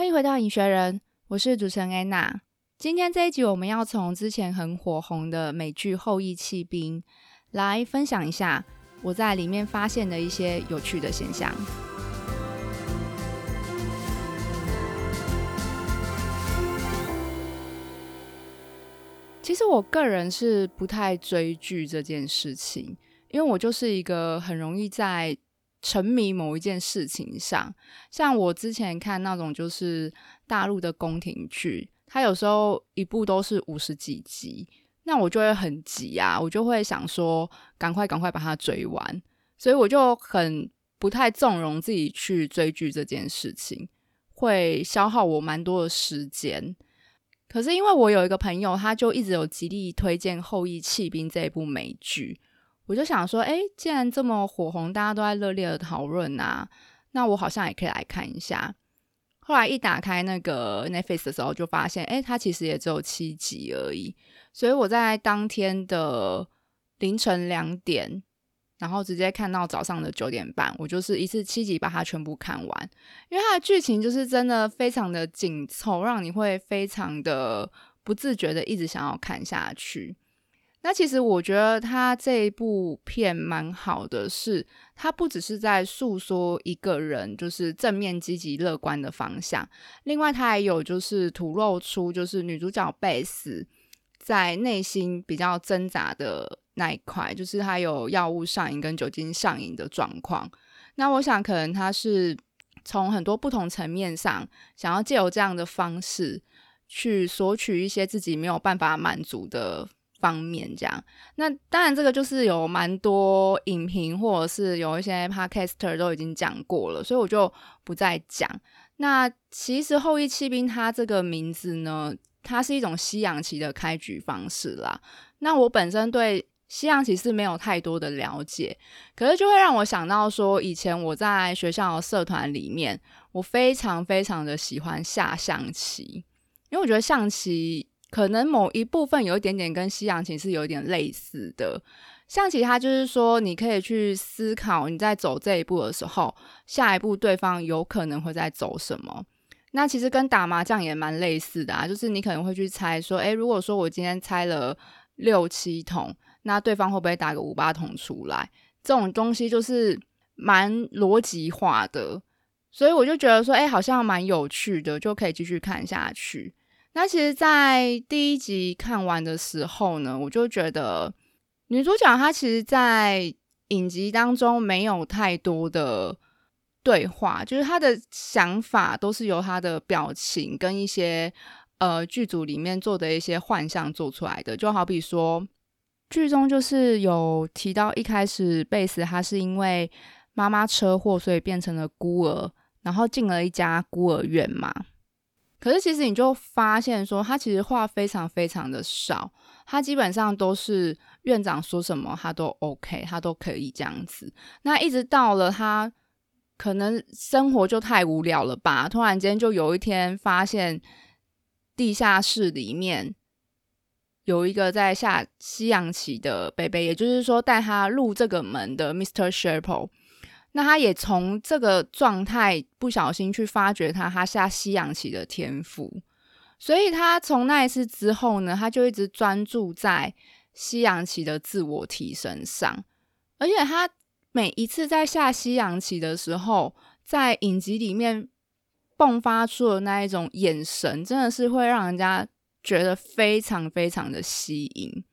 歡迎回到癮學人，我是主持人 Anna。今天這一集，我們要從之前很火紅的美劇《後翼棄兵》來分享一下我在裡面發現的一些有趣的現象。其實我個人是不太追劇這件事情，因為我就是一個很容易在沉迷某一件事情上，像我之前看那種就是大陸的宮廷劇，它有時候一部都是五十幾集，那我就會很急啊，我就會想說趕快趕快把它追完，所以我就很不太縱容自己去追劇這件事情，會消耗我蠻多的時間。可是因為我有一個朋友，他就一直有極力推薦《後翼棄兵》這一部美劇。我就想說，哎、欸，既然這麼火紅，大家都在熱烈的討論啊，那我好像也可以來看一下。後來一打開那個 Netflix 的時候，就發現，哎、欸，它其實也只有七集而已。所以我在當天的凌晨兩點，然後直接看到早上的九點半，我就是一次七集把它全部看完。因為它的劇情就是真的非常的緊湊，讓你會非常的不自覺的一直想要看下去。那其實我覺得他這一部片蠻好的，是他不只是在訴說一個人就是正面積極樂觀的方向，另外他還有就是吐露出就是女主角貝斯在內心比較掙扎的那一塊，就是他有藥物上癮跟酒精上癮的狀況。那我想可能他是從很多不同層面上想要借由這樣的方式去索取一些自己沒有辦法滿足的方面這樣，那當然這個就是有蠻多影評或者是有一些 podcaster 都已經講過了，所以我就不再講。那其實後翼棄兵它這個名字呢，它是一種西洋棋的開局方式啦。那我本身對西洋棋是沒有太多的了解，可是就會讓我想到說，以前我在學校的社團裡面，我非常非常的喜歡下象棋，因為我覺得象棋可能某一部分有一點點跟西洋棋是有一點類似的，象棋它就是說你可以去思考你在走這一步的時候，下一步對方有可能會在走什麼。那其實跟打麻將也蠻類似的啊，就是你可能會去猜說，誒，如果說我今天猜了六七筒，那對方會不會打個五八筒出來？這種東西就是蠻邏輯化的，所以我就覺得說，誒，好像蠻有趣的，就可以繼續看下去。那其實，在第一集看完的時候呢，我就覺得女主角她其實，在影集當中沒有太多的對話，就是她的想法都是由她的表情跟一些呃劇組裡面做的一些幻象做出來的。就好比說，劇中就是有提到一開始貝斯她是因為媽媽車禍，所以變成了孤兒，然後進了一家孤兒院嘛。可是其實你就發現說，他其實話非常非常的少，他基本上都是院長說什麼他都 OK，他都可以這樣子。那一直到了他可能生活就太無聊了吧，突然間就有一天發現地下室裡面有一個在下西洋棋的北北，也就是說帶他入這個門的 Mr. Sherpo。那他也從這個狀態不小心去發掘他，他下西洋棋的天賦，所以他從那一次之後呢，他就一直專注在西洋棋的自我提升上，而且他每一次在下西洋棋的時候，在影集裡面迸發出的那一種眼神，真的是會讓人家覺得非常非常的吸引。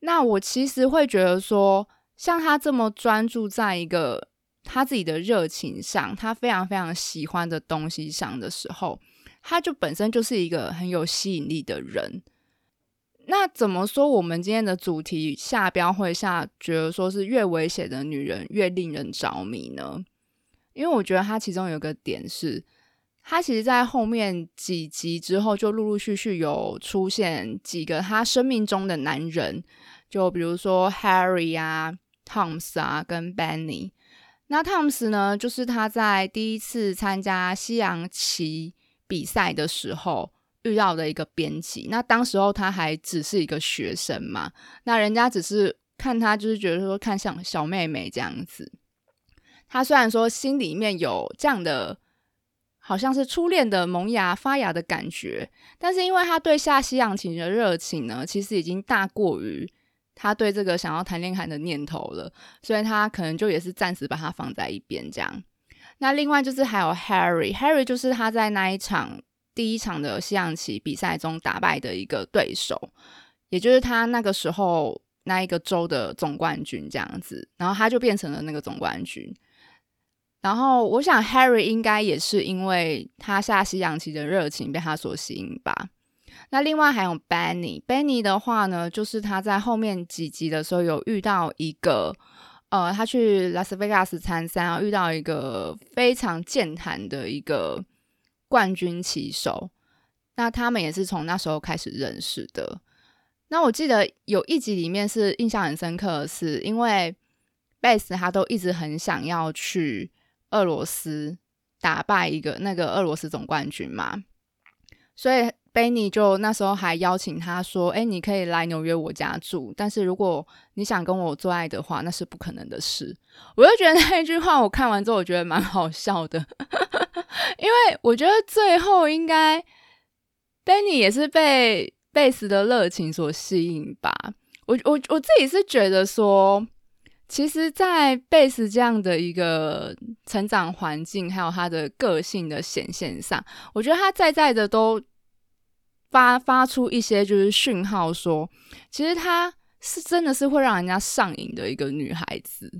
那我其實會覺得說，像他這麼專注在一個。他自己的熱情上，他非常非常喜歡的東西上的時候，他就本身就是一個很有吸引力的人。那怎麼說？我們今天的主題下標會下覺得說是越危險的女人越令人着迷呢？因為我覺得他其中有個點是，他其實，在後面幾集之後就陸陸續續有出現幾個他生命中的男人，就比如說 Harry 啊、Townes 啊跟 Benny。那湯姆斯呢，就是他在第一次參加西洋棋比賽的時候遇到的一個編輯。那當時候他還只是一個學生嘛，那人家只是看他，就是覺得說看像小妹妹這樣子。他雖然說心裡面有這樣的，好像是初戀的萌芽、發芽的感覺，但是因為他對下西洋棋的熱情呢，其實已經大過於他對這個想要談戀愛的念頭了，所以他可能就也是暫時把它放在一邊這樣。那另外就是還有 Harry，Harry Harry 就是他在那一場第一場的西洋棋比賽中打敗的一個對手，也就是他那個時候那一個州的總冠軍這樣子。然後他就變成了那個總冠軍。然後我想 Harry 應該也是因為他下西洋棋的熱情被他所吸引吧。那另外還有 Benny，Benny Benny 的話呢，就是他在後面幾集的時候有遇到一個，呃，他去拉斯維加斯參賽，遇到一個非常健談的一個冠軍棋手。那他們也是從那時候開始認識的。那我記得有一集裡面是印象很深刻的是，是因為 Beth 他都一直很想要去俄羅斯打敗一個那個俄羅斯總冠軍嘛，所以。貝尼就那時候還邀請他說：“哎、欸，你可以來紐約我家住，但是如果你想跟我做愛的話，那是不可能的事。”我就覺得那一句話我看完之後，我覺得蠻好笑的， 因為我覺得最後應該貝尼也是被貝斯的熱情所吸引吧。我我我自己是覺得說，其實在貝斯這樣的一個成長環境，還有他的個性的顯現上，我覺得他在在的都發發出一些就是訊號說，說其實她是真的是會讓人家上癮的一個女孩子。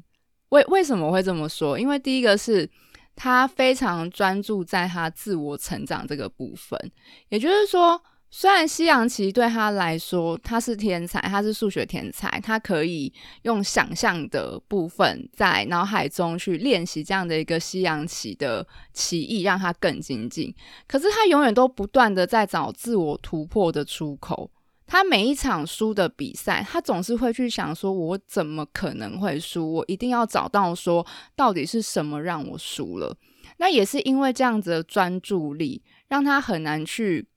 為為什麼會這麼說？因為第一個是她非常專注在她自我成長這個部分，也就是說。雖然西洋棋對他來說，他是天才，他是數學天才，他可以用想象的部分在腦海中去練習這樣的一個西洋棋的棋藝，讓他更精進。可是他永遠都不斷的在找自我突破的出口。他每一場輸的比賽，他總是會去想說：“我怎麼可能會輸？我一定要找到說到底是什麼讓我輸了。”那也是因為這樣子的專注力，讓他很難去。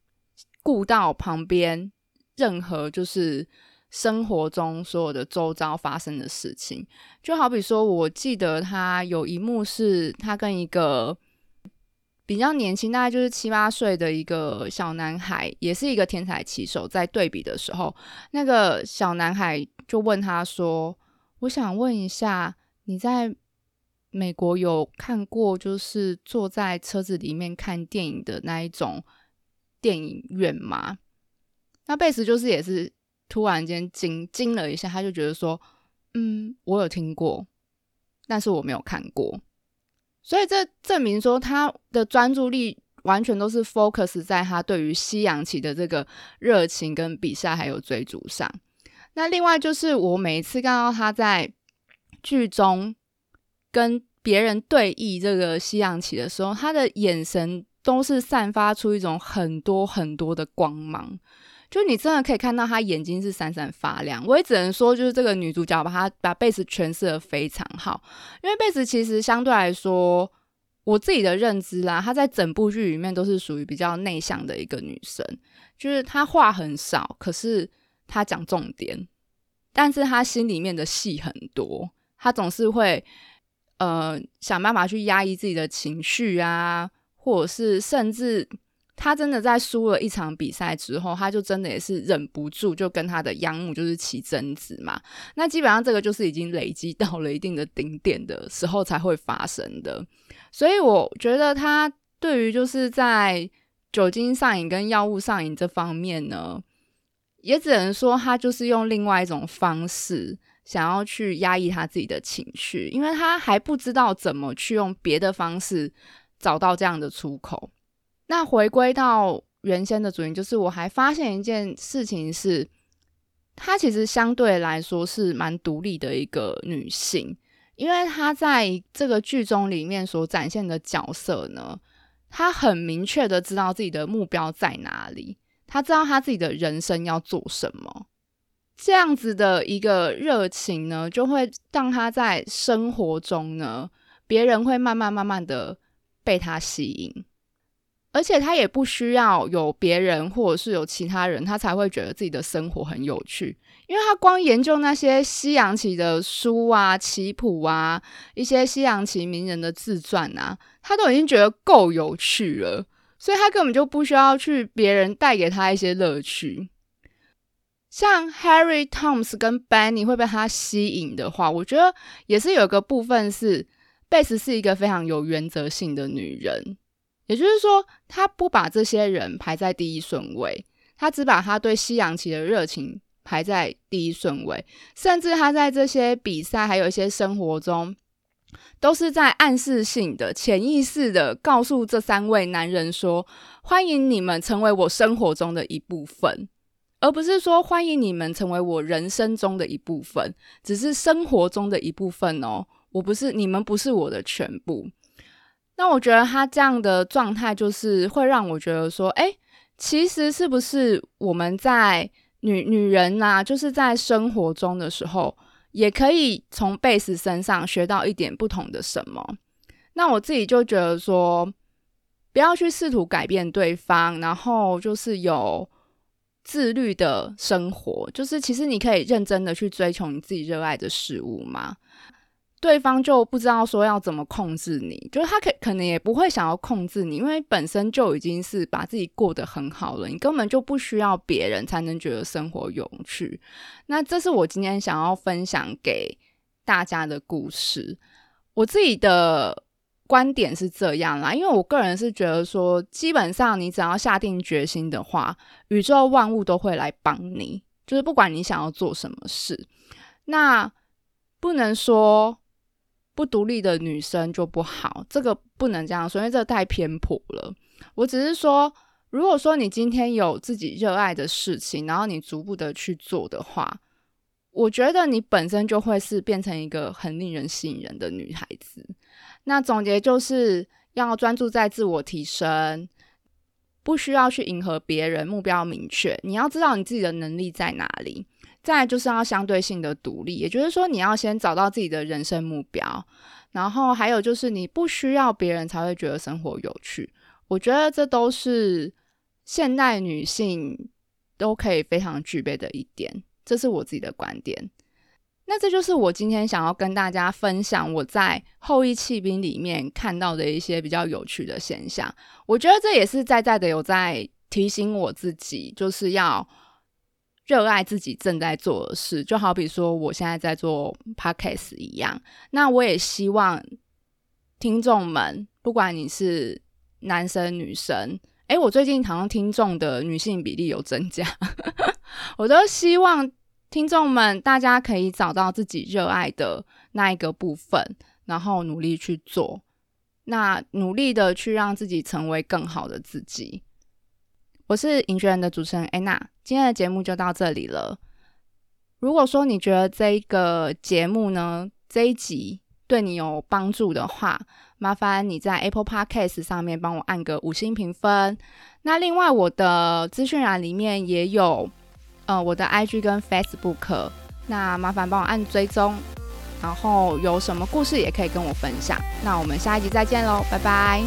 悟到旁邊任何就是生活中所有的周遭發生的事情。就好比說，我記得他有一幕是他跟一個比較年輕，大概就是七八歲的一個小男孩，也是一個天才棋手，在對比的時候，那個小男孩就問他說：“我想問一下，你在美國有看過就是坐在車子裡面看電影的那一種？”電影院嘛，那貝斯就是也是突然間驚驚了一下，他就覺得說：“嗯，我有聽過，但是我沒有看過。”所以這證明說他的專注力完全都是 focus 在他對於西洋棋的這個熱情、跟比賽還有追逐上。那另外就是我每一次看到他在劇中跟別人對弈這個西洋棋的時候，他的眼神。都是散發出一種很多很多的光芒，就你真的可以看到她眼睛是閃閃發亮。我也只能說，就是這個女主角把她把貝斯詮釋得非常好，因為貝斯其實相對來說，我自己的認知啦，她在整部劇裡面都是屬於比較內向的一個女生，就是她話很少，可是她講重點，但是她心裡面的戲很多，她總是會呃想辦法去壓抑自己的情緒啊。或者是甚至他真的在輸了一場比賽之後，他就真的也是忍不住就跟他的養母就是起爭執嘛。那基本上這個就是已經累積到了一定的頂點的時候才會發生的。所以我覺得他對於就是在酒精上癮跟藥物上癮這方面呢，也只能說他就是用另外一種方式想要去壓抑他自己的情緒，因為他還不知道怎麼去用別的方式。找到這樣的出口。那回歸到原先的主題，就是我還發現一件事情是，她其實相對來說是蠻獨立的一個女性，因為她在這個劇中裡面所展現的角色呢，她很明確的知道自己的目標在哪裡，她知道她自己的人生要做什麼。這樣子的一個熱情呢，就會讓她在生活中呢，別人會慢慢慢慢的。被他吸引，而且他也不需要有別人或者是有其他人，他才會覺得自己的生活很有趣。因為他光研究那些西洋棋的書啊、棋譜啊、一些西洋棋名人的自傳啊，他都已經覺得夠有趣了，所以他根本就不需要去別人帶給他一些樂趣。像 Harry Thomas 跟 Benny 會被他吸引的話，我覺得也是有個部分是，貝斯是一個非常有原則性的女人，也就是說，她不把這些人排在第一順位，她只把她對西洋棋的熱情排在第一順位。甚至她在這些比賽，還有一些生活中，都是在暗示性的、潛意識的告訴這三位男人說：“歡迎你們成為我生活中的一部分，”而不是說“歡迎你們成為我人生中的一部分，”只是生活中的一部分哦。我不是，你們不是我的全部，那我覺得他這樣的狀態就是會讓我覺得說，哎、欸，其實是不是我們在女女人吶、啊，就是在生活中的時候，也可以從貝絲身上學到一點不同的什麼？那我自己就覺得說，不要去試圖改變對方，然後就是有自律的生活，就是其實你可以認真的去追求你自己熱愛的事物嘛。對方就不知道說要怎麼控制你，就是他可可能也不會想要控制你，因為本身就已經是把自己過得很好了，你根本就不需要別人才能覺得生活有趣。那這是我今天想要分享給大家的故事。我自己的觀點是這樣啦，因為我個人是覺得說，基本上你只要下定決心的話，宇宙萬物都會來幫你，就是不管你想要做什麼事。那不能說。不獨立的女生就不好，這個不能這樣說，因為這個太偏頗了。我只是說，如果說你今天有自己熱愛的事情，然後你逐步的去做的話，我覺得你本身就會是變成一個很令人吸引人的女孩子。那總結就是要專注在自我提升。不需要去迎合別人，目標明確。你要知道你自己的能力在哪裡。再來就是要相對性的獨立，也就是說，你要先找到自己的人生目標。然後還有就是，你不需要別人才會覺得生活有趣。我覺得這都是現代女性都可以非常具備的一點，這是我自己的觀點。那這就是我今天想要跟大家分享我在《後翼棄兵》裡面看到的一些比較有趣的現象。我覺得這也是在在的有在提醒我自己，就是要熱愛自己正在做的事。就好比說我現在在做 podcast 一樣，那我也希望聽眾們，不管你是男生女生，哎，我最近好像聽眾的女性比例有增加， 我都希望。聽眾們，大家可以找到自己熱愛的那一個部分，然後努力去做，那努力的去讓自己成為更好的自己。我是癮學人的主持人安娜，今天的節目就到這裡了。如果說你覺得這一個節目呢，這一集對你有幫助的話，麻煩你在 Apple Podcast 上面幫我按個五星評分。那另外，我的資訊欄裡面也有。呃，我的 IG 跟 Facebook，那麻煩幫我按追蹤，然後有什麼故事也可以跟我分享。那我們下一集再見嘍，拜拜。